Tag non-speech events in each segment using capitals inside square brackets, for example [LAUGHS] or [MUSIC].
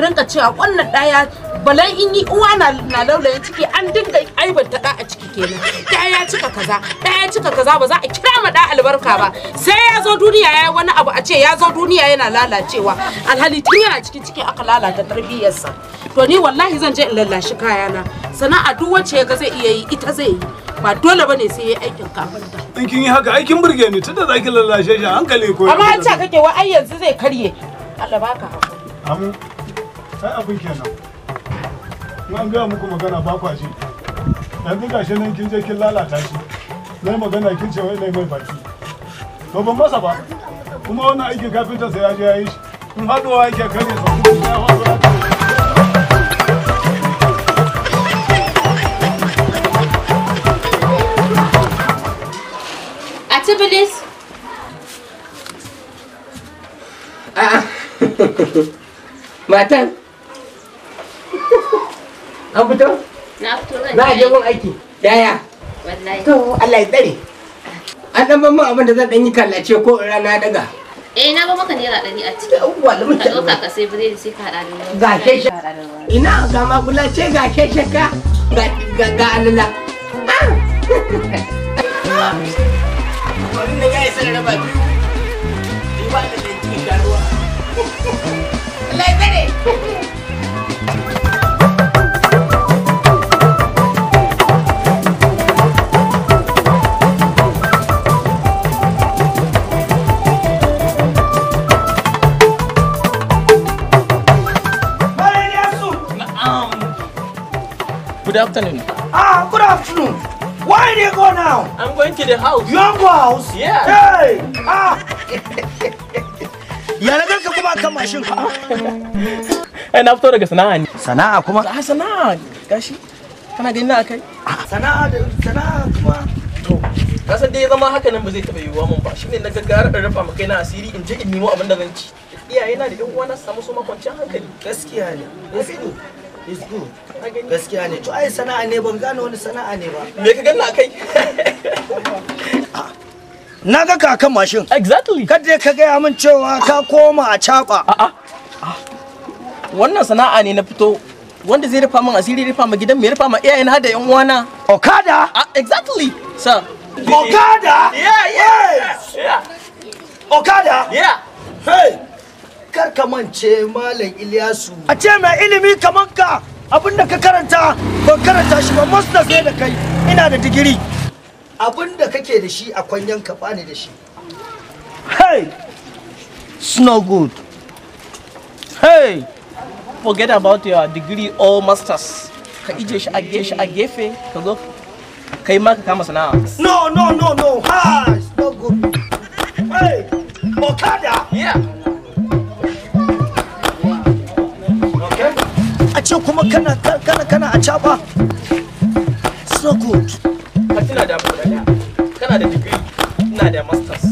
rinka cewa wannan daya balan in yi uwa na laulayin ciki an dinga aibanta ɗa a ciki kenan ɗaya ya cika kaza ɗaya ya cika kaza ba za a kira ma ɗa albarka ba sai ya zo duniya ya wani abu a ce ya zo duniya yana lalacewa alhali tun yana cikin ciki aka lalata tarbiyarsa to ni wallahi zan je in lallashi kayana sana'a duk wacce ya ga zai iya yi ita zai yi ba dole bane sai ya aikin kafinta. In kin yi haka aikin burge ni tunda zaki lallashe shi hankali ko. Amma an ce kake wa ai yanzu zai karye. Allah baka hakuri. ai abin kenan in an gaya muku magana ba kwa ji yanzu gashi nan kin je kin lalata shi na magana kin ce wai na mai baki to ban masa ba kuma wannan aikin kafinta sai ya je ya yi shi in haɗuwa yake kare sa kuma ya a Tibilis. Ah, ah. [LAUGHS] Matan, an fito na fito zan na je gun aiki yaya wallahi to Allah ya tsare an dan ban abin da zan dan yi kallace ko rana daga eh na ba maka ne naira dani a cikin ciki wala mun ka ɗauka ka sai biredi sai ka haɗa da ga keshe ina ga magula ce ga keshe ka ga ga ga alala wannan ya isa raba biyu ni ba da cikin garuwa [LAUGHS] Allah ya tsare Good afternoon. Ah, good afternoon. Why do you go now? I'm going to the house. Your house? Yeah. Hey! Ah! Ya na garka kuma kan mashin ka. Eh, Ai na fito daga sana'a ne. Sana'a kuma? Ah, sana'a. Gashi. Kana gani na akai? Ah. Sana'a da sana'a kuma. To, ka san dai zama haka nan ba zai taba yiwuwa mun ba. Shine na gaggara in rufa maka na asiri in je in nemo abin da zan ci. Iyaye na da yan uwa na su samu su makwancin hankali. Gaskiya ne. Gaskiya ne. is good gaskiya ne to ai sana'a ne ban gane wani sana'a ne ba me ka ganna kai ah, na ga kakan mashin exactly kada ka gaya min cewa ka koma a caba ah, ah, wannan sana'a ne na fito wanda zai rufa min asiri rufa ma gidan mai rufa iyaye na hada yan uwana okada exactly sir okada yeah yeah okada yeah hey kar ka mance malam Ilyasu a ce mai ilimi kaman ka abin da ka karanta ba karanta shi ba master sai da kai ina da digiri abin da kake da shi a kwanyan ka bani da shi hey it's no good hey forget about your degree or masters ka ije shi a gefe ka zo kai ma ka kama sana'a no no no no ha ce kuma kana kana kana a caba so good ka tuna da abu daya kana da degree ina da masters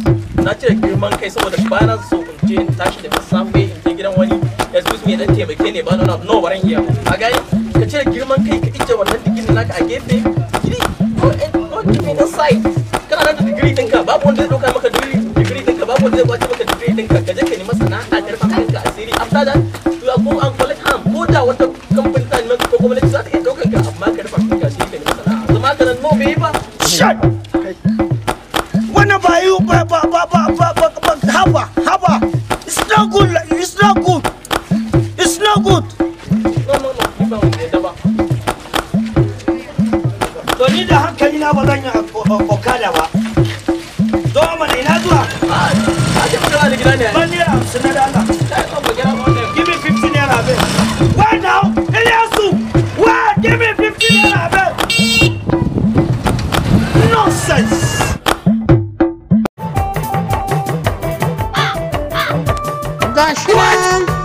na cire girman kai saboda bana so in je in tashi da safe in je gidan wani excuse me dan taimake ne ba na no baran iya a gani ka cire girman kai ka ije wannan degree naka a gefe ko go and go to the side kana da degree ka babu wanda zai kamfanin ta za ta iya ɗaukan ka amma ka rufa kanka ka ba shai wannan ba yi ba ba ba ba ba ba ba haba haba it's not good it's not good it's not good to ni da hankali na ba zan yi okada ba mana ina zuwa a ce ne 滚！